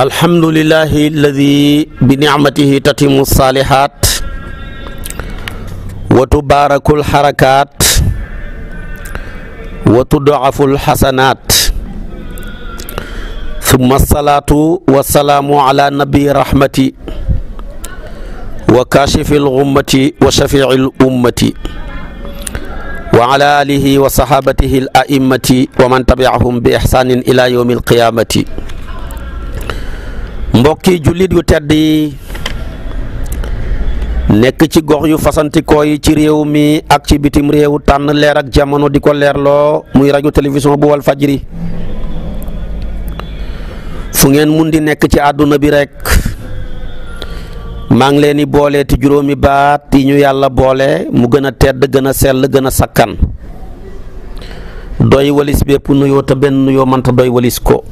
alhamdulillahi alladi bi nicmatihi tatimu saalihaat wa tubaarakul xarakaat wa tudaful xasanaat summa salaatu wa salaamu ala nabi rahmati wa kaashifi lgummati wa shafii lummati wa ala alihi wa sahaabatihi al a'immati wa man tabiahum bi ixsaanin ila yowmi alqiyaamati mbokki jullit yu tedd yi nekk ci gox yu fasantikoo yi ci réew mi ak ci bitim réew tànn leer ak jamono di ko leerloo muy rajo télévision bu wal fajri fu ngeen mun di nekk ci àdduna bi rekk maa ngi leen di boole ti juróomi baat yi ñu yàlla boole mu gën a tedd gën a sell gën a sakkan doy walis bépp nuyoo te benn nuyoo mënta doy walis ko.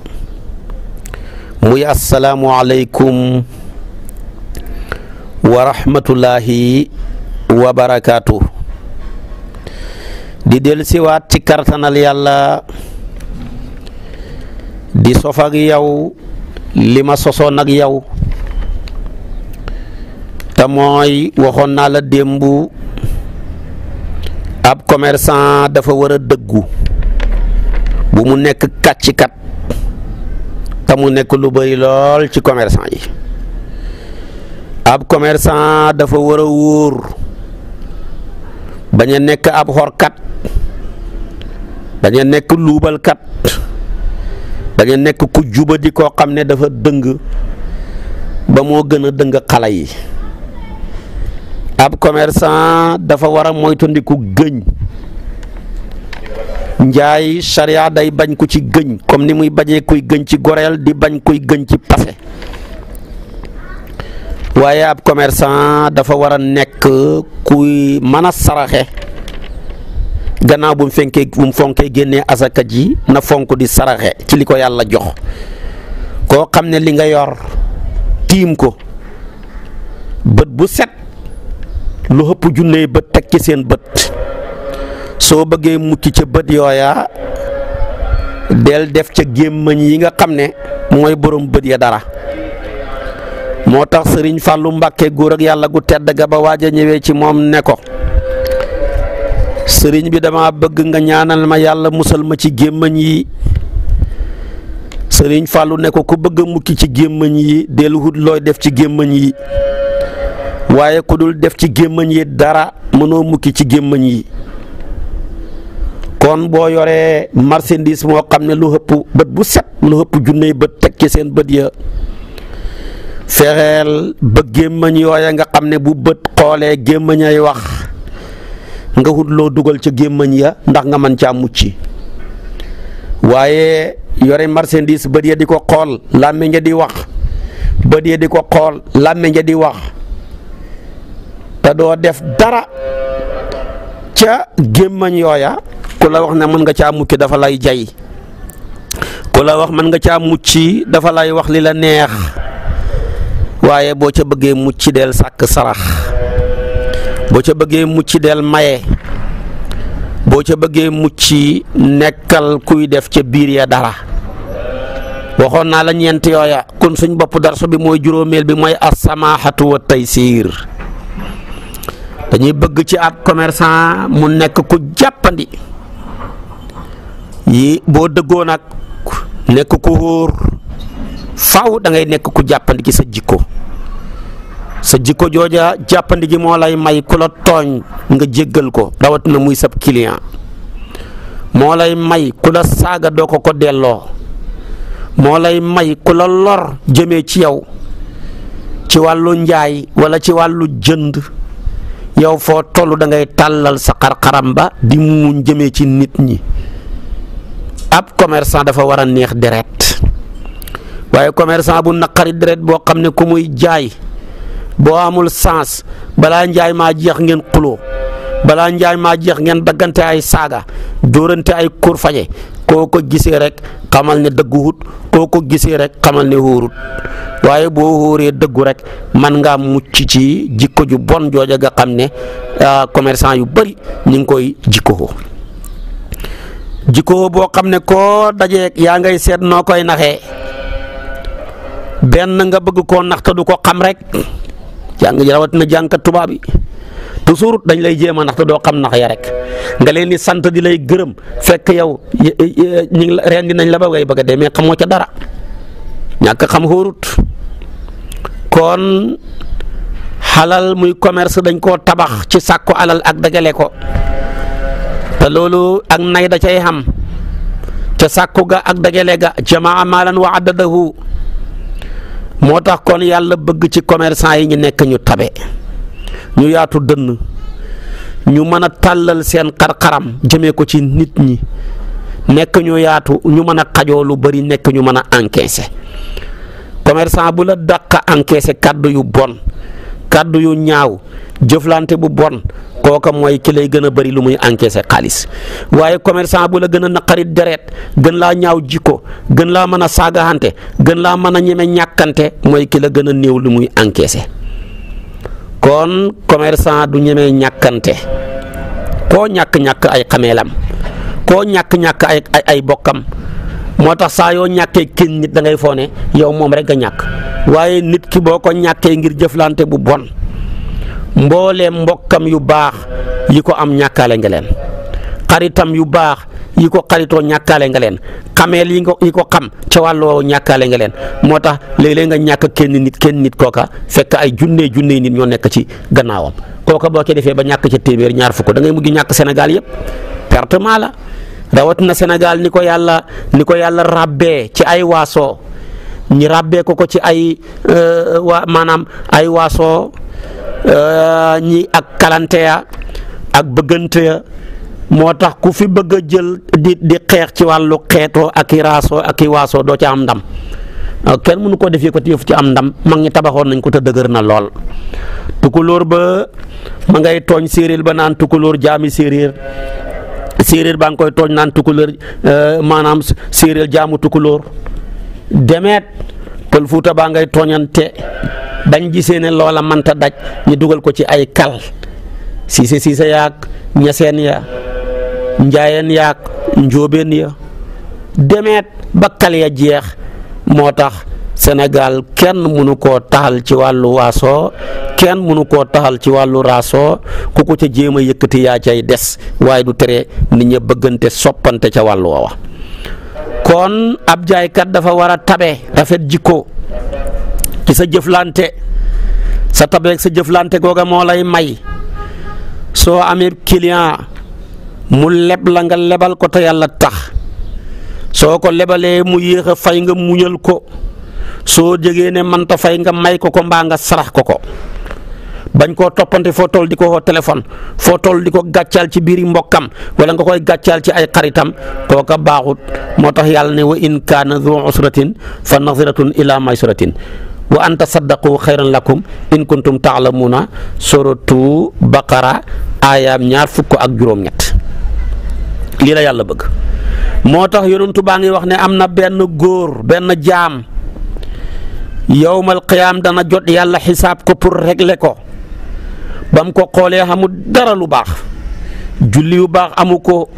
muy asalaamualeykum wa rahmatullahi wa barakaatu di dellusiwaat ci kartanal yàlla di sof ak yow li ma sosoon ak yow te mooy waxoon naa la démb ab commerçant dafa war a dëggu bu mu nekk kàccikat te mu nekk lu bari lool ci commerçant yi ab commerçant dafa war a wóor bañ a nekk ab xorkat bañ a nekk luubalkat bañ a nekk ku di koo xam ne dafa dëng ba moo gën a dëng xale yi ab commerçant dafa war a moytandiku gëñ njaay charia day bañ ko ci gëñ comme ni muy bañee kuy gëñ ci goreel di bañ kuy gëñ ci passé waaye ab commerçant dafa war a nekk kuy mana saraxe gannaaw bu mu fenkee bu mu fonkee génnee asaka ji na fonk di saraxe ci li ko yàlla jox koo xam ne li nga yor tiim ko bët bu set lu ëpp junnee bët teg ci seen bët soo bëggee mukki ca bët yooya del def ca gémmañ yi nga xam ne mooy boroom bët ya dara moo tax sëriñ Fàllu Mbàkke góor ak yàlla gu tedd ga ba waaja a ci moom ne ko sëriñ bi dama bëgg nga ñaanal ma yàlla musal ma ci gémmañ yi sëriñ Fàllu ne ko ku bëgg mukki ci gémmañ yi del wut looy def ci gémmañ yi waaye ku dul def ci gémmañ yi dara mënoo mukki ci gémmañ yi kon boo yoree marchandise moo xam ne lu hëpp bët bu set lu hëpp junney bët teg ci seen bët ya fexeel ba gémmañ yooya nga xam ne bu bët xoolee gémmañ ay wax nga wut loo dugal ca gémmañ ya ndax nga mën caa mucc waaye yore marchandise bët ya di ko xool làmmiñ ja di wax bët ya di ko xool làmmiñ ja di wax te doo def dara ca gémmañ yooya ku la wax ne mën nga caa mucc dafa lay jay ku wax mën nga caa mucc dafa lay wax li la neex waaye boo ca bëggee mucc del sàkk sarax boo ca bëggee mucc del maye boo ca bëggee mucc nekkal kuy def ca biir ya dara waxoon naa la ñeent yooya kon suñ bopp darsu bi mooy juróomeel bi mooy asamaahatu wa taysiir dañuy bëgg ci ab commerçant mu nekk ku jàppandi yi boo dëggoo nag nekk ku wóor faw dangay nekk ku jàppandi ci sa jikko sa jikko jooja jàppandi ji moo lay may ku la nga jéggal ko rawatina muy sab client moo lay may ku saaga doo ko ko delloo moo lay may ku la lor jëme ci yow ci wàllu njaay walla ci wàllu jënd yow foo tollu dangay tàllal sa xar ba di muuñ jëmee ci nit ñi ab commerçant dafa war a neex deret waaye commerçant bu naqari deret boo xam ne ku muy jaay boo amul sens balaa njaay maa jeex ngeen xuloo balaa njaay maa jeex ngeen daggante ay saaga dóorante ay kur faje koo ko gisee rek xamal ne dëgguwut koo ko gisee rek xamal ne wóorut waaye boo wóoree dëggu rek man ngaa mucc ci jikko ju bon jooja nga xam ne ah, commerçant yu bari ñu ngi koy jikkoo jikko boo xam ne koo dajee yaa ngay seet noo koy naxee benn nga bëgg ko nax du ko xam rek jàng rawatina jàngkat tubaab yi toujours dañ lay jéem a nax doo xam nax ya rek nga leen di sant di lay gërëm fekk yow ñu ngi reen di nañ la ba ngay bëgg a dee mais ca dara ñàkk xam xóorut kon xalal muy commerce dañ koo tabax ci sàkku alal ak dagale ko loolu ak nay da cay xam ca sàkku ga ak dajale ga jamaa maalan wa addadahu moo tax kon yàlla bëgg ci commerçant yi ñu nekk ñu tabe ñu yaatu dënn ñu mën a tàllal seen xar-xaram jëmee ko ci nit ñi nekk ñu yaatu ñu mën a xajoo lu bari nekk ñu mën a encaisser commerçant bu la dàq encaisser kàddu yu bon kàddu yu ñaaw jëflante bu bon kooka mooy ki lay gën a bëri lu muy encaissé xaalis waaye commerçant bu la gën a naqari deret gën laa ñaaw jikko gën laa mën a saagaante gën laa mën a ñeme ñàkkante mooy ki la gën a néew lu muy encaissé kon commerçant du ñeme ñàkkante koo ñàkk-ñàkk ay xameelam koo ñàkk-ñàkk ay ay bokkam moo tax saa yoo ñàkkee kenn nit da ngay foone yow moom rek a ñàkk waaye nit ki boo ko ñàkkee ngir jëflante bu bon mbooleem mbokkam yu baax yi ko am ñàkkaale nga leen xaritam yu baax yi ko xaritoo ñàkkaale nga leen xameel yi ko yi ko xam ca wàlloo ñàkkaale nga leen moo tax léeg-léeg nga ñàkk kenn nit kenn nit kooka fekk ay junnee junnee nit ñoo nekk ci gannaawam kooka boo ko defee ba ñàkk ca téeméer ñaar fukk da ngay mujj ñàkk Sénégal yëpp pertement la rawatina senegal ni ko yàlla ni ko yàlla ràbbee ci ay waasoo ñi ràbbee ko ko ci ay euh, waa ay waaso Euh, ñi ak kalante ak bëggante moo tax ku fi bëgg a jël di di xeex ci wàllu xeetoo ak i raasoo ak i waaso doo ci am ndam euh, kenn mënu koo defee ko téef ci am ndam mag ñi tabaxoon nañ ko te dëgër na lool tukulóor ba ma ngay tooñ séeréer ba naan tukulóor jaami séeréer séeréer baa ngi koy tooñ naan tukulóor euh, maanaam séeréer jaamu tukulóor demeet pël fuuta baa ngay tooñante dañ gisee ne loola mënta daj ñu dugal ko ci ay kal siise siise yaag ñaseen ya njaayeen yaag njóobeen ya demeet ba kal ya jeex moo tax senegal kenn mënu koo taxal ci wàllu waasoo kenn mënu koo taxal ci wàllu raaso ku ko ca jéem a yëkkati yaa cay des waaye du tere nit ña bëggante soppante ca wàllu woowa kon ab jaaykat dafa war a tabe rafet jikko ci sa jëflante sa tabeeg sa jëflante googa moo lay may soo amee client mu leb la nga lebal ko te yàlla tax soo ko lebalee mu yéex a fay nga muñal ko soo jegee ne manta fay nga may ko ko mbaa nga sarax ko ko bañ koo toppante foo toll di ko woo téléphone foo toll di ko gàccaal ci biiri mbokkam wala nga koy gàccaal ci ay xaritam kooka baaxut moo tax yàlla ne wa in kaana du usratin fa nadiratun ila maysratin wa an tasaddaqu xayran lakum in kuntum taalamuuna suratu baqara aayaam ñaar fukk ak juróom-ñett lii la yàlla bëgg moo tax yonentu baa ngi wax ne am na benn góor benn jaam yowmal qiyaam dana jot yàlla xisaab ko pour régler ko bam ko xoolee amul dara lu baax julli wu baax amu ko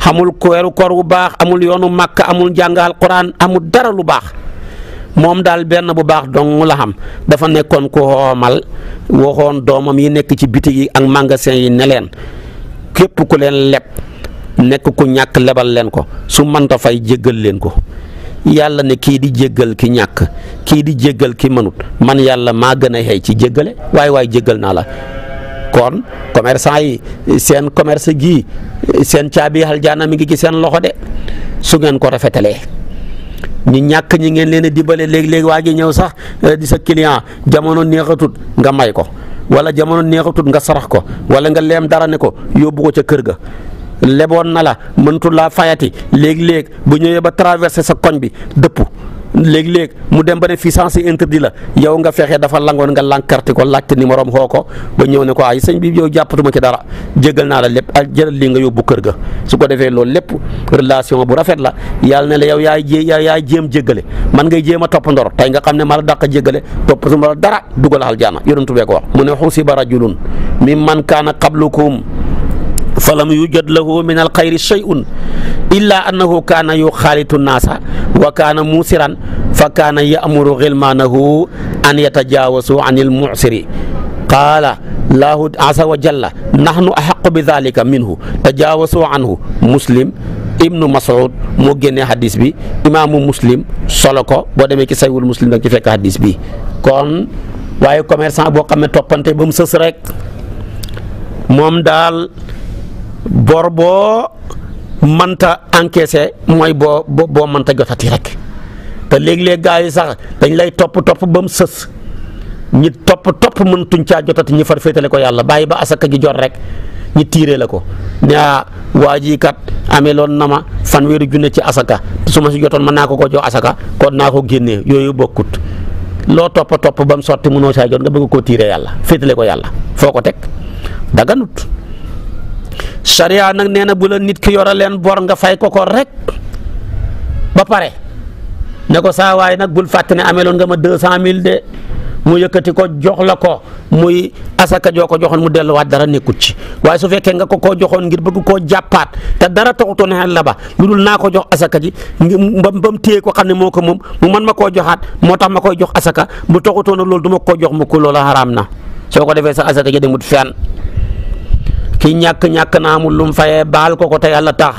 xamul weeru kor bu baax amul yoonu màkk amul jàng alquran amul dara lu baax moom daal benn bu baax dong la dafa nekkoon ko xoomal waxoon doomam yi nekk ci bitig yi ak magasin yi ne leen képp ku leen leb nekk ku ñàkk lebal leen ko su mënta fay jéggal leen ko yàlla ne kii di jéggal ki ñàkk kii di jéggal ki mënut man yàlla maa gën a xëy ci jéggale waaye waaye jéggal naa la kon commerçant yi seen commerce gii seen caabi aljaana mi ngi ci seen loxo de su ngeen ko rafetalee ñu ñàkk ñi ngeen leen a dimbale léeg-léeg waa ngi ñëw sax eh, di sa client jamono neexatut nga may ko wala jamono neexatut nga sarax ko wala nga leem dara ne ko yóbbu ko ca kër ga leboon na la mëntu laa fayati léeg-léeg bu ñëwee ba traversé sa koñ bi dëpp léeg-léeg mu dem ba ne fii sens interdit la yow nga fexe dafa langoon nga lànkarti ko laajte numéro am ko ba ñëw ne ko ay sëñ bi yow jàppatuma ci dara jégal naa la lépp ak ah, jëlal li nga yóbbu kër ga su ko defee loolu lépp relation bu rafet la yàlla ne la yow yaay jé yaay jéem jéggale man nga jéem a topp ndor tey nga xam ne ma la dàq jéggale topp su ma la dara dugal aljaana yonentu ko wax mu ne fa lam yujad lahu min alxayri shay'un illa annahu kaana yuxaalitu naasa wa kaana muusiran fa kaana ya'muru xilmaanahu an yatajaawasu an almuusiri qaala laahu azza wa jalla nahnu axaqu bi dalika minhu tajaawasu anhu muslim ibnu Mas'ud moo génnee hadis bi imaamu muslim solo ko boo demee ci saywul muslim da nga ci fekk hadis bi kon waaye commerçant boo xam ne toppante ba mu sës rek moom daal. bor boo mënta encaissé mooy boo boo mënta jotati rek te léeg-léeg gaa yi sax dañ lay topp topp bam sës ñi topp topp mëntuñ caa jotati ñi far féetale ko yàlla bàyyi ba asaka ji jot rek ñi tiiree la ko ne ah waa jii kat na ma fanweeri junne ci asaka su ma si jotoon mën naa ko ko jox asaka kon naa ko génnee yooyu bokkut loo topp topp ba mu mënoo saa jot nga bëgg koo tiiree yàlla féetale ko yàlla foo ko teg daganut sariya nag nee na bu nit ki yore leen bor nga fay ko ko rek ba pare ne ko saa waay nag bul fàtte ne ameloon nga ma deux cent mille de mu yëkkati ko jox la ko muy asaka joo ko joxoon mu delluwaat dara nekkut ci waay su fekkee nga ko koo joxoon ngir bëgg koo jàppaat te dara taxutoon xel la ba lu dul naa ko jox asaka ji ba ba mu téye ko xam ne moo ko moom mu mën ma ko joxaat moo tax ma koy jox asaka bu taxutoon loolu du ma koo jox mu ko loola xaraam na soo ko defee sa asaka ji demut fenn ki ñàkk-ñàkk na amul lu mu fayee baal ko ko te yàlla tax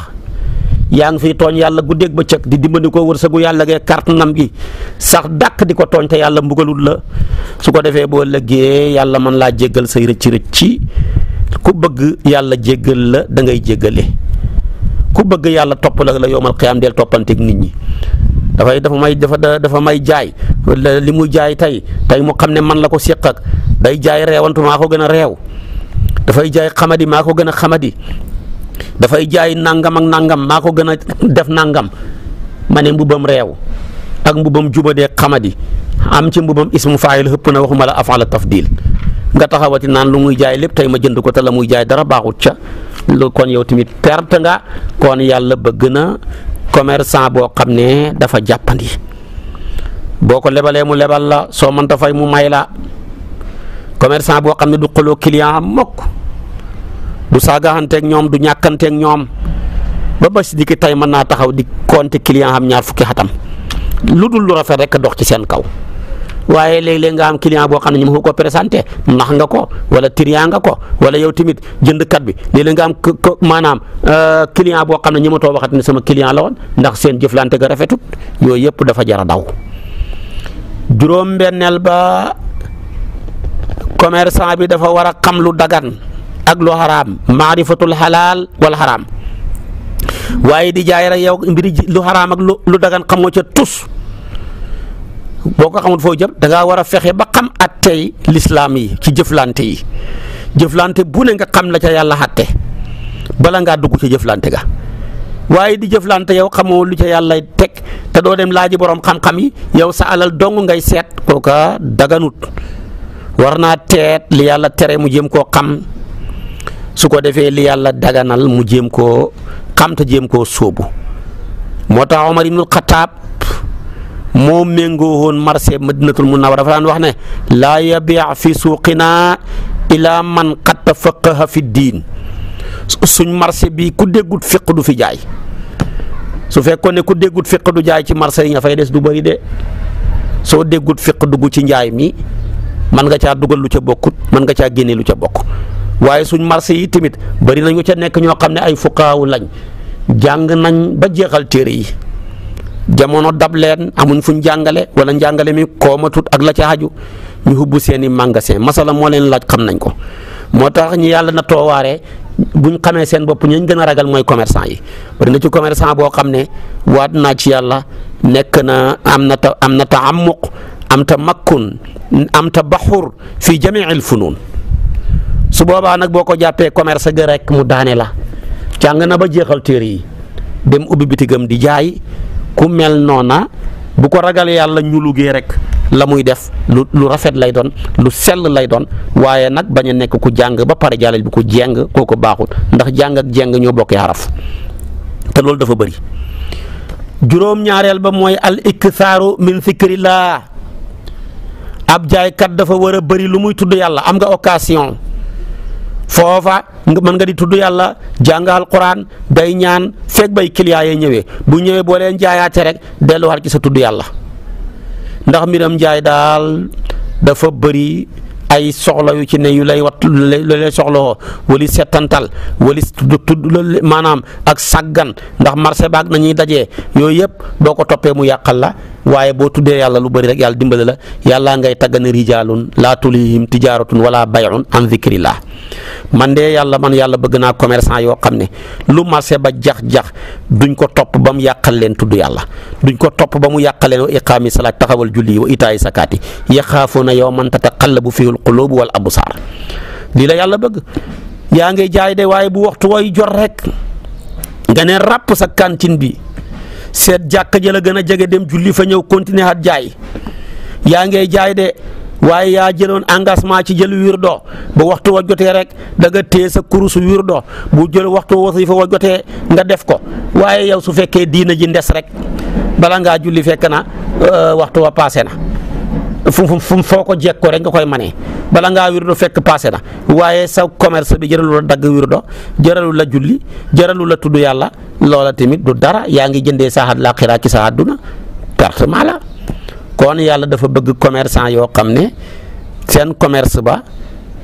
yaa ngi fi tooñ yàlla ba bëccëg di dimbali ko wërsëgu yàlla gee carte nam gi sax dàq di ko tooñ te yàlla mbugalul la su ko defee boo lëggee yàlla mën laa jéggal say rëcc rëcc ku bëgg yàlla jéggal la dangay ngay jéggale ku bëgg yàlla topp la la yowmal qiyaam del toppanteek nit ñi dafay dafa may dafa dafa may jaay li mu jaay tey tey mu xam ne man la ko séq ak day jaay reewantu maa ko gën a reew dafay jaay xamadi maa ko gën a xamadi dafay jaay nangam ak nangam maa ko gën a def nangam ma ne mbubam réew ak mbubam jubadee xamadi am ci mbubam ismu faayil xëpp na waxuma la afaala tafdil nga taxawati naan lu muy jaay lépp tey ma jënd ko te la muy jaay dara baaxut ca lu kon yow tamit perte nga kon yàlla bëgg na commerçant boo xam ne dafa jàppandi boo ko lebalee mu lebal la soo mënta fay mu may la. commerçant boo xam ne du xuloo client am mokk du saagaxanteeg ñoom du ñàkkanteeg ñoom ba bés di ki tey mën naa taxaw di compter client am ñaar fukki xatam lu dul lu rafet rek dox ci seen kaw waaye léeg-léeg nga am boo xam ne ñu ma ko présenté nax nga ko wala triant nga ko wala yow tamit jëndkat bi léeg-léeg nga am maanaam euh, client boo xam ne ñu ma too waxat ne sama client la woon ndax seen jëflante ga rafetut yooyu yëpp dafa jar a daw juróom-benneel ba. commerçant bi dafa war a xam lu dagan ak lu xaraam maarifatul xalaal wal xaraam waaye di jaay rek yow mbiri lu xaraam ak lu dagan xamoo ca tus boo ko xamul foo jëm da ngaa war a fexe ba xam at tey lislaam yi ci jëflante yi jëflante bu ne nga xam la ca yàlla xatte bala ngaa dugg ca jëflante ga waaye di jëflante yow xamoo lu ca yàlla teg te doo dem laaji boroom xam-xam yi yow sa alal dong ngay seet kooka daganut war naa teet li yàlla tere mu jéem koo xam su ko defee li yàlla daganal mu jéem koo xam te jéem koo sóobu moo tax Omar ibnul Xataab moo méngoo woon marché madinatul munawwara dafa daan wax ne laa yabiix fi suuqinaa ilaa man qad tafaqaha fi diin suñ marché bi ku déggut fiq du fi jaay su fekkoon ne ku déggut fiq du jaay ci marché yi ña fay des du bëri de soo déggut fiq dugg ci njaay mi mën nga caa dugal lu ca bokkut mën nga caa génne lu ca bokk waaye suñ marché yi tamit bari nañu ca nekk ñoo xam ne ay fuqaaw lañ jàng nañ ba jeexal téere yi jamono dab leen amuñ fuñ jàngale wala njàngale mi koomatut ak la ca aju ñu hubbu seeni magasin masala moo leen laaj xam nañ ko moo tax ñu yàlla na toowaaree buñ xamee seen bopp ñañ gën a ragal mooy commerçant yi bari na ci commerçant boo xam ne waat naa ci yàlla nekk na am na ta am na amta makkun amta baxur fi jamiil funun su boobaa nag boo ko jàppee commerce ga rek mu daane la jàng na ba jeexal téere yi dem ubbi bitigam di jaay ku mel noona bu ko ragal yàlla ñu lugee rek la muy def lu lu rafet lay doon lu sell lay doon waaye nag bañ nekk ku jàng ba pare jàllal bi ku jeng kooku baaxul ndax jàng jeng ñoo bokkee xaraf te loolu dafa bëri juróom-ñaareel ba mooy al iktharu min zikrillah ab jaaykat dafa war a bëri lu muy tudd yàlla am nga occasion foofa mën nga di tudd yàlla jàng alquran day ñaan fekk bay client yee ñëwee bu ñëwee boo leen jaayaate rek delluwaat ci sa tudd yàlla ndax mbiram njaay daal dafa bëri ay soxla yu ci ne lay wat lu lay soxlawoo wali settantal wali maanaam ak sàggan ndax marché baag nañuy dajee yooyu yëpp boo ko toppee mu yàqal la waaye boo tuddee yàlla lu bëri rek yàlla dimbale la yàllaa ngay tàggane rijaalun laa tulihim tijaaratun wala bayun an zikrillah man de yàlla man yàlla bëgg naa commerçant yoo xam ne lu marché ba jax-jax duñ ko topp ba mu yàqal leen tudd yàlla duñ ko topp ba mu yàqal leen wa iqaami salaat taxawal julli wa itaayi sakaati yaxaafuuna yawman fi fihil quluubu wal absaar lii la yàlla bëgg yaa ngay jaay de waaye bu waxtu way jot rek nga ne ràpp sa kantin bi seet jàkk ja la gën a jege dem julli fa ñëw continuer at jaay yaa ngay jaay de waaye yaa jëloon engagement ci jël wiir doo ba waxtu wa jotee rek da nga téye sa kurusu wirdo bu jël waxtu wasifa wa jotee nga def ko waaye yow su fekkee diina ji ndes rek bala ngaa julli fekk na euh, waxtu wa paase na fu fu foo ko jekk ko rek nga koy manee bala ngaa wirdo fekk passé na waaye sa commerce bi jëralu la dagg wirdo jëralu la julli jëralu la tudd yàlla loola tamit du dara yaa ngi jëndee sa laaxira ci sa àdduna perte la kon yàlla dafa bëgg commerçant yoo xam ne seen commerce ba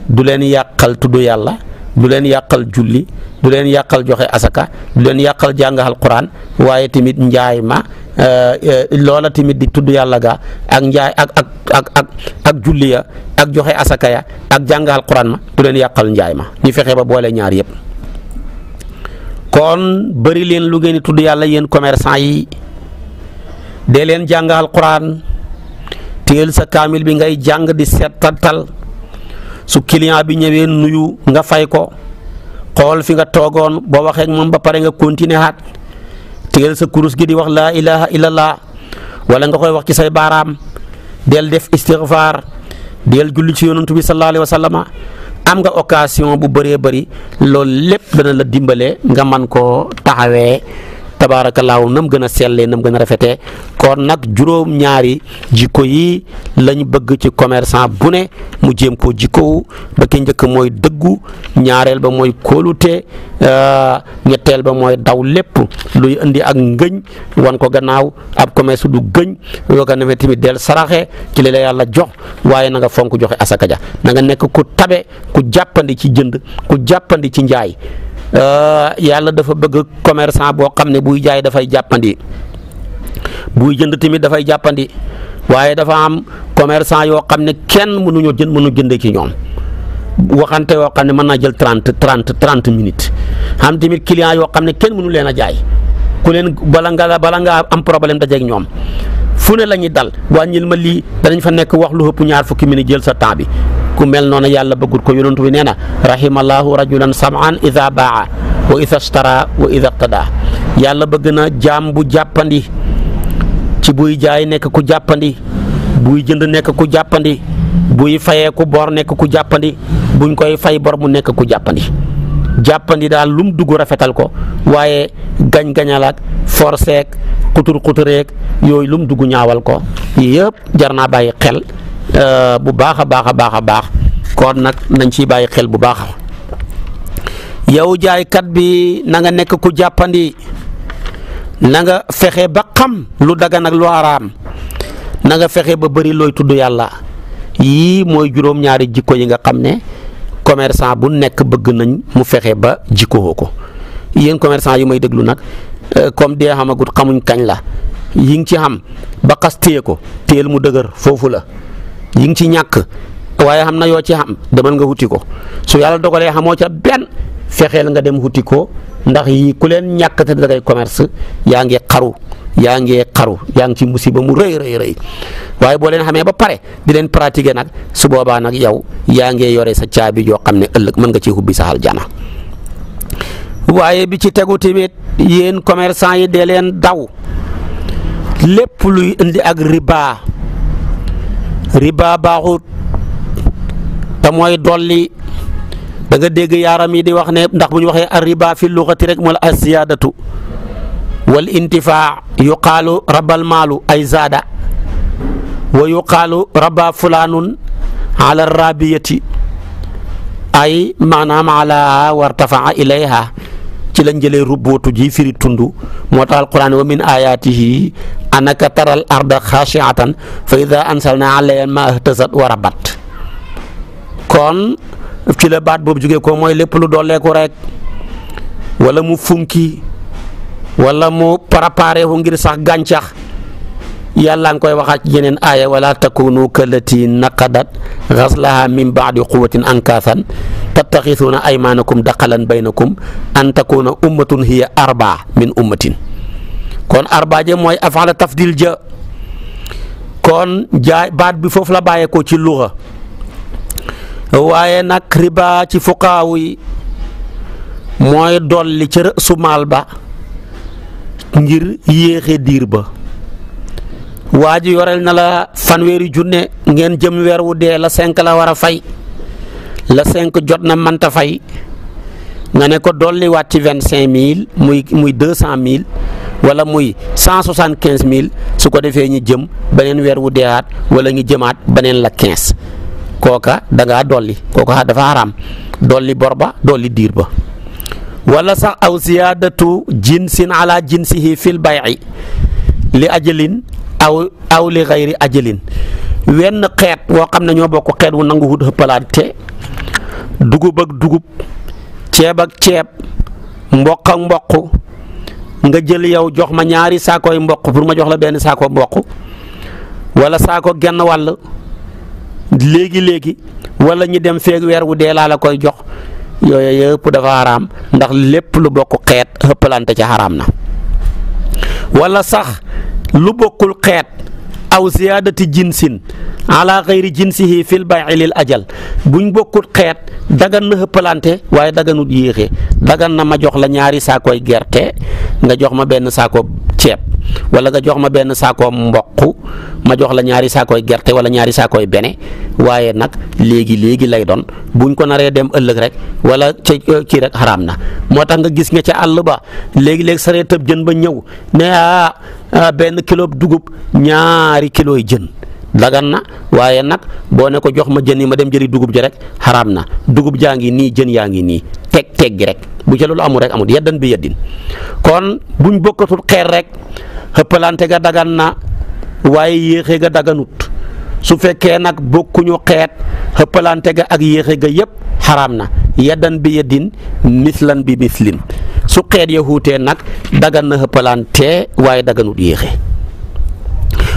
du leen yàqal tudd yàlla. du leen yàqal julli du leen yàqal joxe asaka du leen yàqal jàng alquran waaye tamit njaay ma euh, euh, loola tamit di tudd yàlla ga ak njaay ak ak ak ak ak julli ya ak joxe asaka ya ak jàng alquran ma du leen yàqal njaay ma ñu fexe ba boole ñaar yëpp kon bëri leen lu ngeen tudd yàlla yéen commerçant yi de leen jàng alquran téel sa kaamil bi ngay jàng di seetantal su client bi ñëwee nuyu nga fay ko xool fi nga toogoon boo waxee moom ba pare nga continuer xaat tegal sa kurus gi di wax laa ilaha illallah wala nga koy wax ci say baaraam del def istighfar del julli ci yonantu bi sa alayhi wa sallama am nga occasion bu bëree bëri loolu lépp dana la dimbale nga man koo taxawee tabaarakallaahu nam gën a sellee nam gën a rafetee kon nag juróom-ñaari jikko yi lañ bëgg ci commerçant bu ne mu jéem koo jikkowu ba ki njëkk mooy dëggu ñaareel ba mooy kóolute euh, ñetteel ba mooy daw lépp luy indi ak ngëñ wan ko gannaaw ab commerce du gëñ yoo ko defee tamit del saraxe ci li yàlla jox waaye na fonk joxe asaka na nga nekk ku tabe ku jàppandi ci jënd ku jàppandi ci njaay Euh, yàlla dafa bëgg commerçant boo xam ne buy jaay dafay jàppandi buy jënd tamit dafay jàppandi waaye dafa am commerçant yoo xam ne kenn mënuñoo jënd mënu jënd ci ñoom waxante yoo xam ne mën naa jël trente trente trente minutes am tamit client yoo xam ne kenn mënu leen a jaay ku leen bala nga bala ngaa am problème dajeeg ñoom fu ne la ñuy dal wàññil ma lii danañ fa nekk wax lu ëpp ñaar fukki minutes jël sa temps bi ku mel noonu yàlla bëggut ko yonent bi nee na rahimallahu rajulan sam'an idha baa wa idha ishtara wa idha iqtada yàlla bëgg na jaam bu jàppandi ci buy jaay nekk ku jàppandi buy jënd nekk ku jàppandi buy fayee ku bor nekk ku jàppandi buñ koy fay bor mu nekk ku jàppandi jàppandi daal lum dugg rafetal ko waaye gañ-gañal ak forseek xutur xutureek yooyu lum dugg ñaawal ko yëpp jar naa bàyyi xel Euh, bu baax a baax a baax a baax kon nag nañ ci bàyyi xel bu baax yow jaaykat bi na nga nekk ku jàppandi na nga fexe ba xam lu dagan ak lu araam na fexe ba bëri looy tudd yàlla yii mooy juróom-ñaari jikko yi nga xam ne commerçant bu nekk bëgg nañ mu fexe ba jikkoo ko yéen commerçant yi may déglu nag euh, comme dee xamagut xamuñ kañ la yi ngi ci am ba xas téye ko téyel mu dëgër foofu la. yi ngi ci ñàkk waaye xam na yoo ci xam demal nga wuti ko su yàlla dogalee xamoo ca benn fexeel nga dem wuti ko ndax yi ku leen ñàkk te dangay commerce yaa nge xaru yaa nge xaru yaa ngi ci musiba mu rëy rëy waaye boo leen xamee ba pare di leen pratiquer nag su boobaa nag yow yaa ngi yore sa caabi joo xam ne ëllëg mën nga ci hubbi sa aljana waaye bi ci tegu tamit yéen commerçant yi dee leen daw lépp luy indi ak riba. riba baaxut te mooy dolli da nga dégg yaaram yi di wax ne ndax bu ñu waxee ar riba fi luxati rek mooy as ziyaadatu wal intifaa yuqaalu rabal maalu ay zaada wa yuqaalu raba fulaanun ala rabiyati ay maanaam ala wartafaa ilayha ci lañ jëlee rubbootu ji firi tund moo tax alquran wa min ayatihi anaka taral arda xaashiatan fa ida ansalna alayha ma ihtasat wa rabat kon ci la baat boobu jógee ko mooy lépp lu dooleeku rek wala mu funki wala mu préparé wu ngir sax gàncax yàlla nga koy waxaat ci yeneen aaya wala takunu kallati naqadat ghaslaha min baadi quwatin ankaasan tattaxisuuna aymanakum daqalan baynakum an takuna ummatun hiya arba min ummatin kon arba ja mooy afaala tafdil ja kon jaay baat bi foofu la bàyyeekoo ci luxa waaye nag riba ci fuqaaw mooy dolli ca sumaal ba ngir yéexe diir ba waa ji yoreel na la fanweeri junne ngeen jëm weer wu dee la cinq la war a fay la cinq jot na manta fay nga ne ko dolliwaat ci vingt cinq mille muy muy deux cent mille wala muy cent soixante quinze mille su ko defee ñu jëm beneen weer wu deewaat wala ñu jëmaat beneen la quinze kooka da dolli kooka dafa xaraam dolli bor ba dolli diir ba wala sax aw ziyaadatu jinsin ala jinsihi fil bay'i li ajalin aw aw li xayri ajalin wenn xeet woo xam ne ñoo bokk xeet wu nangu wut xëppalaate dugub ak dugub ceeb ak ceeb mboq ak mboq nga jël yow jox ma ñaari saakooy mboq pour ma jox la benn saako mboq wala saako genn wàll léegi léegi walla ñu dem feeg weer wu dee laa koy jox yooyu yëpp dafa xaraam ndax lépp lu bokk xeet xëppalante ci xaraam na wala sax lu bokkul xeet aw ziyaadati jinsin ala xayri jinsihi fil bay'i lil ajal buñ bokkul xeet dagan na xëppalante waaye daganut yéexe dagan na ma jox la ñaari saakoy gerte nga jox ma benn saako ceeb wala nga jox ma benn saako mboq ma jox la ñaari saakooy gerte wala ñaari saakooy bene waaye nag léegi léegi lay doon buñ ko naree dem ëllëg rek wala ca ci rek xaraam na moo tax nga gis nga ca àll ba léegi léegi saree tëb jën ba ñëw ne ah, ah benn kilo dugub ñaari kiloy jën. dagan na waaye nag boo ne ko jox ma jën yi ma dem jëri dugub ji rek xaraam na dugub jaa ngi nii jën yaa ngi nii teg teg gi rek bu ca loolu amul rek amul yeddan bi yeddin kon buñ bokkatul xeer rek xëppalante ga dagan na waaye yéexe ga daganut su fekkee nag bokkuñu xeet xëppalante ga ak yéexe ga yëpp xaraam na yeddan bi yeddin mislan bi mislin su xeet ya xuutee nag dagan na xëppalante waaye daganut yéexe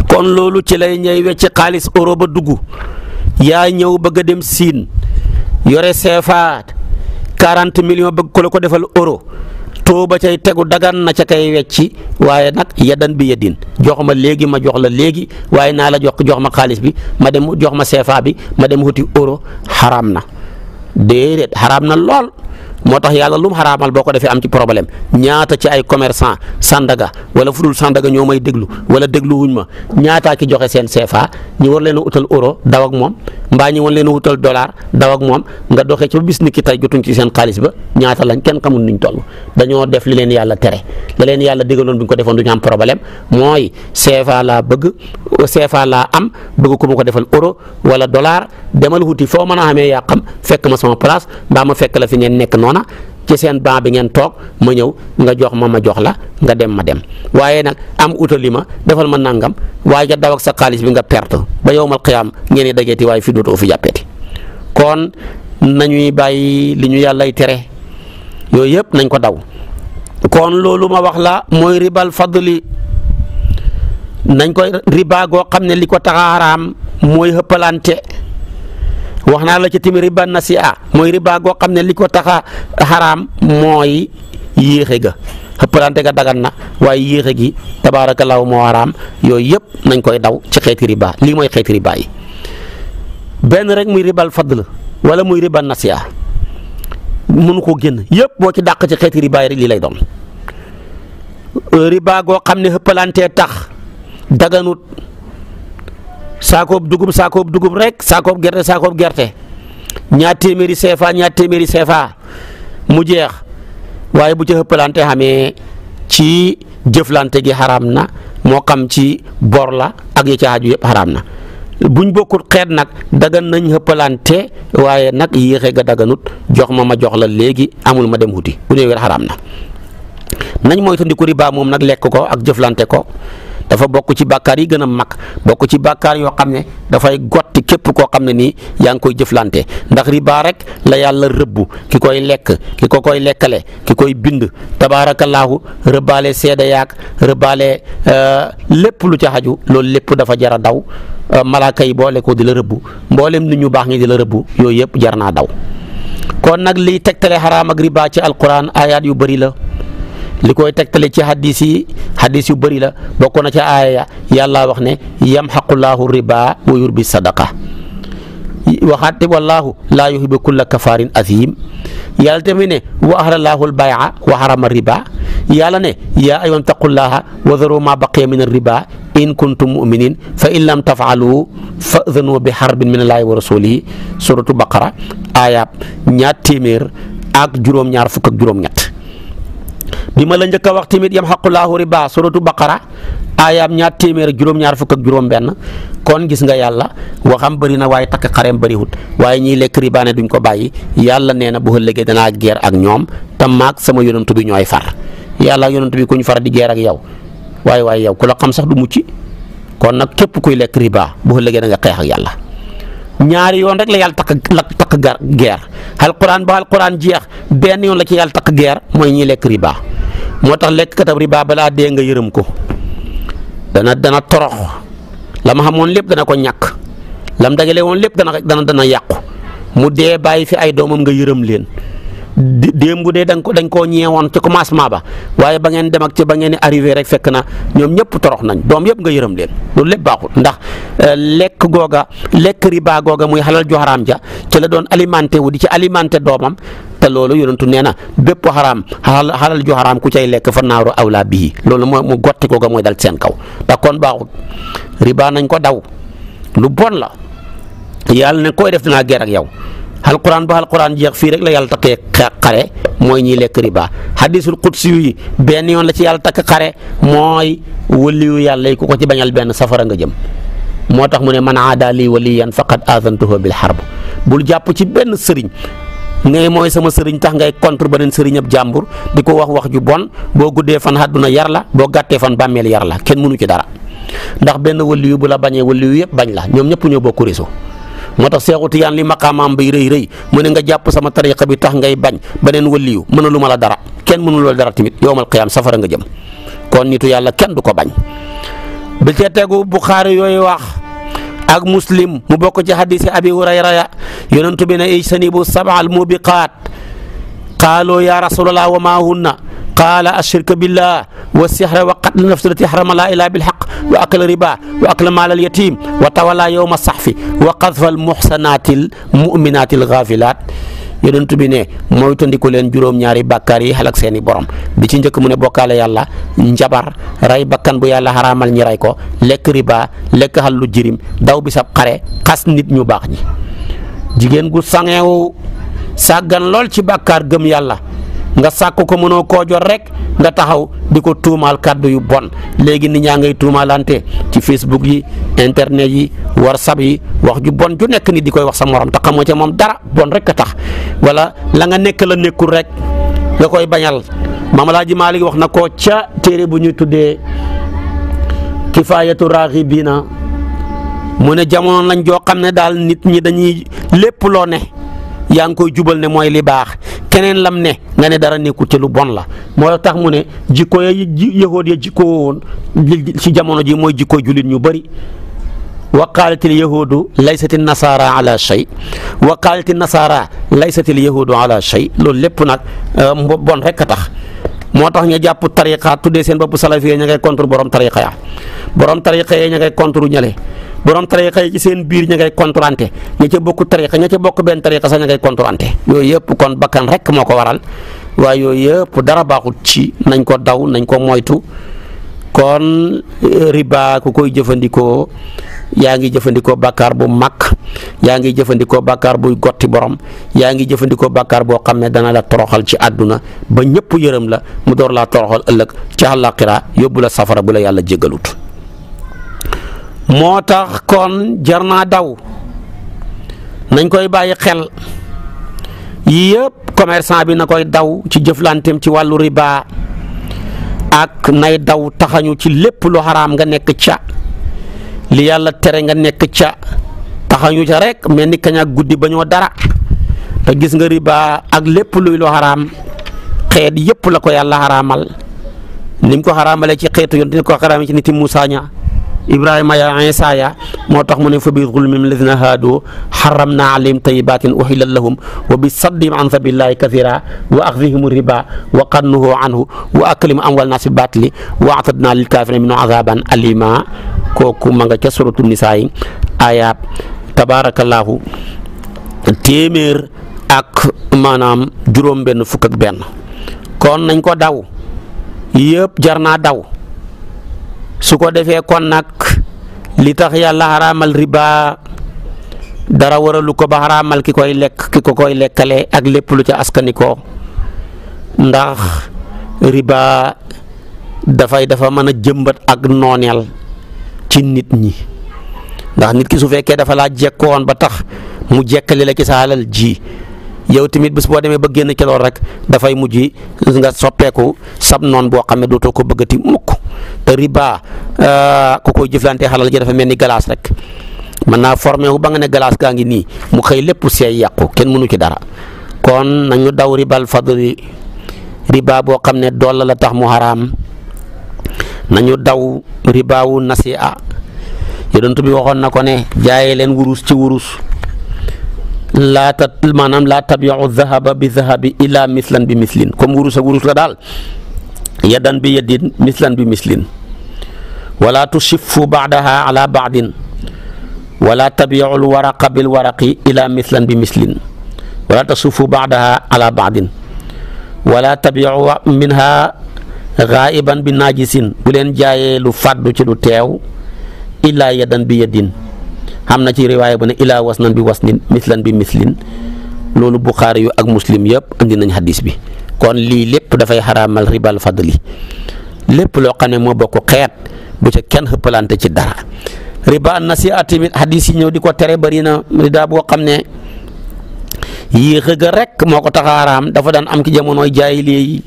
kon loolu ci lay ñëw wecc xaalis euro ba dugg yaa ñëw bëgg a dem siin yore seefaat 40 million bëgg ko ko defal euro taux ba cay tegu daga na ca kay wecci waaye nag yadan bi yedin jox ma léegi ma jox la léegi waaye naa la jox jox ma xaalis bi ma dem jox ma CFA bi ma dem wuti euro xaraam na déedéet xaraam na lool. moo tax yàlla lu mu xaraamal boo ko defee am ci problème ñaata ci ay commerçant Sandaga wala fudul Sandaga ñoo may déglu wala déglu wuñ ma ñaataa ki joxe seen CFA ñu war leen a utal euro daw moom mbaa ñu war leen a utal dollar daw moom nga doxee ci ba bis ni ki tey jotuñ ci seen xaalis ba ñaata lañ kenn xamul nuñ toll dañoo def li leen yàlla tere la leen yàlla digaloon bi ñu ko defoon du ñu am problème mooy CFA laa bëgg CFA laa am bëgg ku ma ko defal euro wala dollar demal wuti foo mën a xamee fekk ma sama place nekk noonu noona ci seen ban bi ngeen toog ma ñëw nga jox ma ma jox la nga dem ma dem waaye nag am utali ma defal ma nangam waaye nga daw sa xaalis bi nga perte ba ma qiyaam ngeen di dajeeti waaye fi dootoo fi jàppeeti kon nañuy bàyyi li ñu yàllay tere yooyu yëpp nañ ko daw kon loolu ma wax la mooy ribal fadli nañ koy riba goo xam ne li ko tax mooy xëppalante wax naa la ci tamit riba a mooy riba goo xam ne li ko tax a mooy yéexe ga xëppalante ga dagan na waaye yéexe gi tabaarakallaahu moo xaraam yooyu yëpp nañ koy daw ci xeeti riba lii mooy xeeti riba benn rek muy ribal la wala muy riba nasi'a mënu ko génn yëpp boo ci dàq ci xeeti riba yi rek lii lay doon riba goo xam ne xëppalante tax daganut saakoob dugub saakoob dugub rek saakoob gerte saakoob gerte ñaar téeméeri CFA ñaar téeméeri CFA mu jeex waaye bu ca ëppalante xamee ci jëflante gi xaraam na moo xam ci bor la ak ya ca yëpp xaraam na buñ bokkul xeet nag dagan nañ ëppalante waaye nag yéexe ga daganut jox ma ma jox la léegi amul ma dem wuti bu dee weer xaraam na nañ mooy tandi ko riba moom nag lekk ko ak jëflante ko dafa bokk ci bàkkaar yi gën a mag bokku ci bàkkaar yoo xam ne dafay gotti képp koo xam ne nii yaa ngi koy jëflante ndax riba rek la yàlla rëbbu ki koy lekk ki ko koy lekkale ki koy bind tabaarakallaahu rëbbaale seede yaag rëbbaale euh, lépp lu ci xaju loolu lépp dafa jar a daw euh, malaaka yi boole ko di la rëbb mboolem nit ñu baax ñi di la rëbb yooyu yëpp jar naa daw kon nag liy tegtale xaraam ak riba ci alquran ayaat yu bari la li koy tegtale ci hadis yi hadis yu bëri la bokk na ca aaya yàlla wax ne yamxaqullahu riba wa yurbi sadaqa waxaat wallahu laa yuhibbu kulla kafaarin athim yàlla tamit ne wa ahlallahu albay'a wa harama riba yàlla ne yaa ayyuhan taqullaha wa dharu ma baqiya min arriba in kuntum muminin fa in lam tafaalu fa'dhanu bi harbin min allahi wa rasulihi suratu baqara aaya ñaar téeméer ak juróom-ñaar fukk ak juróom-ñett di ma la njëkk a wax tamit yam xaqulaahu riba suratu baqara aayaam ñaar téeméer ak juróom-ñaar fukk ak juróom-benn kon gis nga yàlla waxam bari na waaye takk xareem bëriwut waaye ñii lekk riba ne duñ ko bàyyi yàlla nee na bu ëllëgee danaa geer ak ñoom te maag sama yonantu bi ñooy far yàlla ak yonantu bi ku ñu far di geer ak yow waaye waaye yow ku la xam sax du mucc kon nag képp kuy lekk riba bu ëllëgee da nga xeex ak yàlla. ñaari yoon rek la yàlla takk la takk gar geer alquran jeex benn yoon la ci yàlla takk geer mooy ñiy lekk riba. moo tax lekk katab riba balaa dee nga yërëm ko dana dana torox la ma xamoon lépp dana ko ñàkk lam dagale woon lépp dana dana dana yàqu mu dee bàyyi fi ay doomam nga yërëm leen démb bu dee dañ ko dañ koo ñeewoon ci commencement ba waaye ba ngeen dem ak ci ba ngeen arrivé rek fekk na ñoom ñëpp torox nañ doom yëpp nga yërëm leen loolu lépp baaxul ndax euh, lekk googa lekk riba googa muy xalal ju xaraam ja ci la doon alimenté wu di ci alimenté doomam te loolu yonentu nee na bépp xaraam xalal ju xaraam ku cay lekk fa naaru awla bii loolu moo mu gotti ko ga mooy dal seen kaw da kon baaxut riba nañ ko daw lu bon la yàlla ne koy def naa ger ak yow alquran ba alquran jeex fii rek la yàlla takkee xare mooy ñiy lekk riba hadisul qudsi yi benn yoon la ci yàlla takk xare mooy waliyu yàlla yi ku ko ci bañal benn safara nga jëm moo tax mu ne man aada lii waliyan faqad aazantuhu bil harb bul jàpp ci benn sëriñ ngay mooy sama sëriñ tax ngay contre beneen sëriñ ab jàmbur di ko wax wax ju bon boo guddee fan àdduna yar la boo gàttee fan bàmmeel yar la kenn mënu ci dara ndax benn waliyu bu la yëpp bañ la ñoom ñëpp ñoo bokk réseau moo tax Seexu Tijaan li maqaamaam bay rëy rëy mu ne nga jàpp sama tariqa bi tax ngay bañ beneen waliyu mën a lu ma la dara kenn mënu loolu dara tamit yowmal qiyaam safara nga jëm kon nitu yàlla kenn du ko bañ bi ca tegu Buxaari yooyu wax ak muslim mu bokk ci hadisi abi hurayra ya yonentu bi ne ijtanibu sab'al mubiqaat qaalu ya rasulallah wa ma hunna qaala ashirka billah wa sihra wa qatl nafsi lati harama la ilaha bil haqq wa akla riba wa akla maal al yatim wa tawalla yawma sahfi wa qadfa al muhsanaati al mu'minaati al ghafilaat yonent bi ne moytandiku leen juróom-ñaari bàkkaar yi xalak seeni borom bi ci njëkk mu ne bokkaale yàlla njabar rey bakkan bu yàlla xaraamal ñi rey ko lekk riba lekk lu jirim daw bi sab xare xas nit ñu baax ñi jigéen gu sangeewu saggan lool ci bàkkaar gëm yàlla nga sàkk ko mënoo koo jot rek nga taxaw di ko tuumaal kàddu yu bon léegi nit ñaa ngay tuumaalante ci Facebook yi internet yi WhatsApp yi wax ju bon ju nekk nit di koy wax sa morom te xamoo ca moom dara bon rek a tax wala la nga nekk la nekkul rek nga koy bañal Maam Alaaji Maalik wax na koo ca téere bu ñuy tuddee kifaayatu na mu ne jamono lañ joo xam ne daal nit ñi dañuy lépp loo ne. yaa ngi koy jubal ne mooy li baax keneen lam ne nga ne dara nekkul ci lu bon la moo tax mu ne jikko ya yahood ya jikko woon ci jamono ji mooy jikko jullit ñu bëri wa qaalatil yahuudu laysati nasaara ala say wa qaalatil nasaara laysatil yahuudu ala shay loolu lépp nag euh, bon rek a tax moo tax ñu jàpp tariqa tuddee seen bopp salafi ña ngay contre borom tariqa ya borom tariqa ya ña ngay contre ñale borom tarixa ci seen biir ña ngay contrante ña ca bokk tarixa ña ca bokk benn tarixa sax ña ngay contrante yooyu yëpp kon bakkan rek moo ko waral waaye yooyu yëpp dara baaxut ci nañ ko daw nañ ko moytu kon eh, riba koy jëfandikoo yaa ngi jëfandikoo bàkkaar bu mag yaa ngi jëfandikoo bàkkaar buy gotti borom yaa ngi jëfandikoo bàkkaar boo xam ne dana la toroxal ci àdduna ba ñëpp yërëm la mu door laa toroxal ëllëg ci àllaaxira yóbbu la safara bu la yàlla jégalut moo tax kon jar naa daw nañ koy bàyyi xel yii yëpp commerçant bi na koy daw ci jëflanteem ci wàllu ribaa ak nay daw taxañu ci lépp lu xaraam nga nekk ca li yàlla tere nga nekk ca taxañu ca rek mel ni kañ guddi ba ñoo dara te gis nga riba ak lépp luy lu xaraam xeet yëpp la ko yàlla xaraamal ni ko xaraamalee ci xeetu yoon dina ko xaraamee ci nit musaaña ibrahima ya isa ya moo tax mu ne fa bi zulmim lazina haadu xaram naa alayhim tayibatin uxillat lahum wa bi saddihim an sabilillahi kasira wa axdihim riba wa qad nuhu anhu wa aklihim amwal naas bi baatili wa atadna lil kaafiriina minhu azaban alima kooku ma nga ca suratu nisaa yi ayaab tabaarakallaahu téeméer ak maanaam juróom benn fukk ak benn kon nañ ko daw yëpp jar naa daw su ko defee kon nag li tax yàlla xaraamal riba dara waralu ko ba xaraamal ki koy lekk ki ko koy lekkale ak lépp lu ca askaniko ndax riba dafay dafa mën a jëmbët ak nooneel ci nit ñi ndax nit ki su fekkee dafa laa jekkoon ba tax mu jekkali la ci saalal jii yow tamit su boo demee ba génn ci loolu rek dafay mujj nga soppeeku sab noon boo xam ne dootoo ko bëggati mukk te riba euh, ku koy jëflante xalal ji dafa mel ni galaas rek mën naa formé wu ba nga ne galaas gaa ngi nii mu xëy lépp seey yàqu kenn mënu ci dara kon nañu daw ribal fadli riba boo xam ne dolla la tax mu xaraam nañu daw ribaawu nasi'a yonent bi waxoon na ko ne jaayee leen wurus ci wurus laa ta maanaam laa tabiu zahaba bi zahabi illa mislan bi mislin comme wurus ak daal yadan bi yadin mislan bi mislin wala tusifu baadaha ala baadin wala tabiu lwaraqa bilwaraqi ila mislan bi mislin wala tasufu baadaha ala baadin wala tabiu minha gaa'iban bi naajisin bu leen jaayee lu fàddu ci lu teew illa yadan bi yadin am na ci riwaaya bu ne ilaa wasnan bi wasnin mislan bi mislin loolu buxaari yu ak muslim yëpp andi nañ hadis bi kon lii lépp dafay xaraamal ribal fadli lépp loo xam ne moo bokk xeet bu ca kenn xëppalante ci dara riba nasi'a tamit hadis yi ñëw di ko tere bari na ridaa boo xam ne yéex a rek moo ko tax a dafa daan am ki jamonoy jaahiliya yi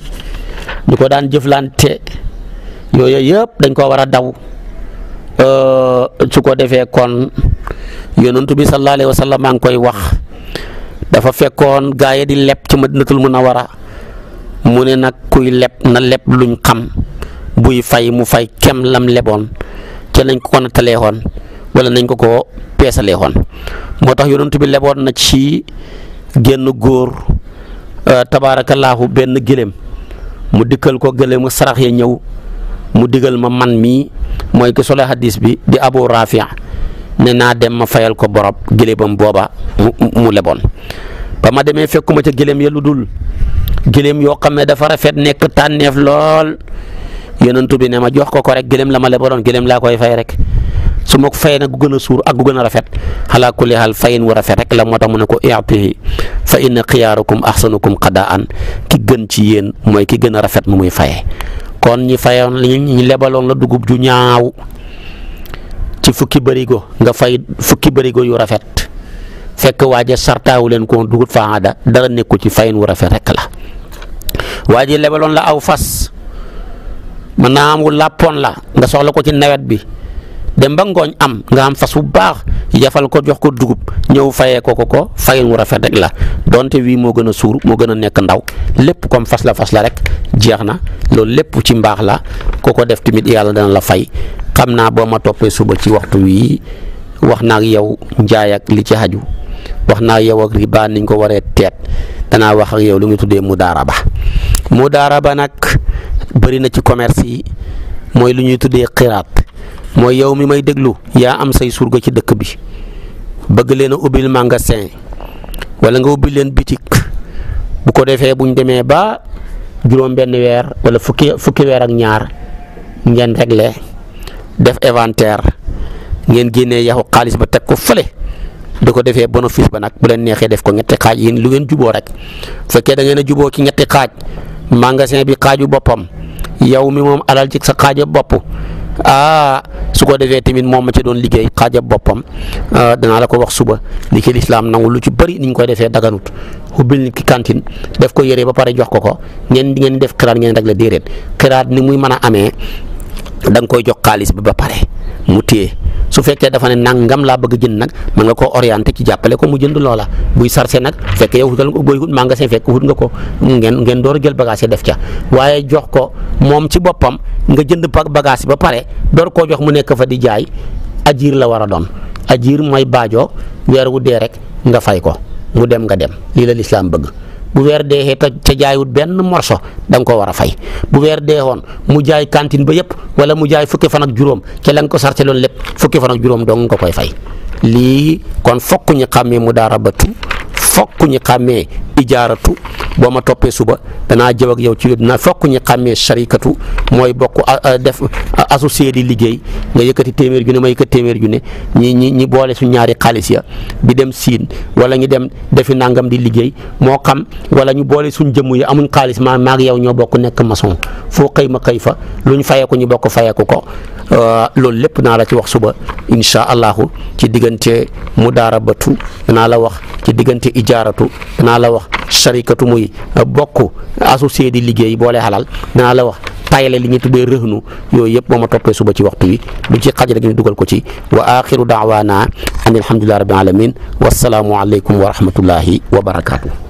ñu ko daan jëflante yooyo yëpp dañ ko war a daw. Euh, su ko defee kon yonantu bi sallallahu alayhi wa maa ngi koy wax dafa fekkoon gaa yi di leb ci madinatul munawara mu ne nag kuy leb na leb luñ xam buy fay mu fay kem lam leboon ca nañ ko ko nattalee woon wala nañ ko ko peesalee woon moo tax yonantu bi leboon na ci genn góor euh, tabaarakallaahu benn gëléem mu dikkal ko gëléemu sarax ya ñëw mu digal ma man mii mooy ki solo hadis bi di abu rafi ne naa dem ma fayal ko borob gëléemam booba mu mu leboon ba ma demee fekkuma ca gëléem ya lu dul gëléem yoo xam ne dafa rafet nekk tànneef lool yonentu bi ne ma jox ko ko rek gëléem la ma leboon gëléem laa koy fay rek su ma ko fayee nag gu gën a suur ak gu gën a rafet xalaa kulli xaal fayin wu rafet rek la moo tax mu ne ko i'tihi fa inna xiyaarukum axsanukum qadaan ki gën ci yéen mooy ki gën a rafet mu muy fayee kon ñi fayoon ñi lebaloon la dugub ju ñaaw ci fukki bërigo nga fay fukki barigo yu rafet fekk waaja sartaawu leen ko dugub faada dara nekku ci fayin wu rafet rekk la waa ji lebaloon la aw fas mën naa wu làppoon la nga soxla ko ci nawet bi dem ba ngooñ am nga am fas bu baax yafal ko jox ko dugub ñëw fayee ko ko ko fayin wu rafet rek la donte wii moo gën a suur moo gën a nekk ndaw lépp comme fas la fas la rek jeex na loolu lépp ci mbaax la ko ko def tamit yàlla dana la fay xam naa boo ma toppee suba ci waxtu wii wax naa ak yow njaay ak li ci xaju wax naa yow ak riba niñ ko waree teet danaa wax ak yow lu ñu tuddee mudaaraba ba nag bëri na ci commerce yi mooy lu ñuy tuddee xiraat mooy yow mi may déglu yaa am say surga ci dëkk bi bëgg leen a ubbil magasin wala nga ubbil leen bitik bu ko defee buñ demee ba juróom benn weer wala fukki fukki weer ak ñaar ngeen réglé def inventaire ngeen génnee yaxu xaalis ba teg ko fale da ko defee bénéfice ba nag bu leen neexee def ko ñetti xaaj yéen lu ngeen juboo rek fekkee da ngeen a juboo ci ñetti xaaj magasin bi xaaju boppam yow mi moom alal ci sa xaajo bopp ah su ko defee tamit moom ma ca doon liggéey xaajab boppam ah, danaa la ko wax suba li ci lislaam nangu lu ci bëri ni ñu koy defee daganut ubbil nit ki cantine def ko yére ba pare jox ko ko ngeen ngeen def xiraat ngeen rek la déedéet xiraat ni muy mën a amee danga koy jox xaalis bi ba pare mu téye su fekkee dafa ne nangam laa bëgg jënd nag mën nga koo orienté ci jàppale ko mu jënd loola buy sarse nag fekk yow wutal booy wut magasin fekk wut nga ko ngeen ngeen door jël bagage def ca waaye jox ko moom ci boppam nga jënd bagage ba pare door koo jox mu nekk fa di jaay ajiir la war a doon ajiir mooy baajoo weer wu dee rek nga fay ko mu dem nga dem lii la lislaam bëgg bu weer dee deexee te ca jaayut benn morso da koo war a fay bu weer dee deexoon mu jaay cantine ba yëpp wala mu jaay fukki fanak juróom ca la nga ko sarteloon lépp fukki fanak juróom dong nga koy fay lii kon fokk ñu xàmmee mudaarabatu fokk ñu xàmmee ijaaratu boo ma toppee suba danaa jëw ak yow ci lu dinaa fokk ñu xàmmee sharikatu mooy bokk def associé di liggéey nga yëkkati téeméer ju ne ma yëkkati téeméer ju ne ñi ñi ñi boole su ñaari xaalis ya di dem siin wala ñu dem defi nangam di liggéey moo xam walla ñu boole suñ jëmm yi amuñ xaalis maa maag yow ñoo bokk nekk maçon foo xëy ma xëy fa lu ñu fayeeku ñu bokk fayeeku ko euh, loolu lépp naa la ci wax suba insha allahu ci diggante mudaarabatu danaa ijaaratu naa la wax sharikatu muy bokk associé di liggéey boole xalal naa la wax tayle li ñu tuddee rëhnu yooyu yëpp boo ma toppee suba ci waxtu yi bu ci xaj rek ñu dugal ko ci wa axiru daawaana an alhamdulillahi rabbil alamin wassalaamu aleykum wa rahmatullahi wa barakaatu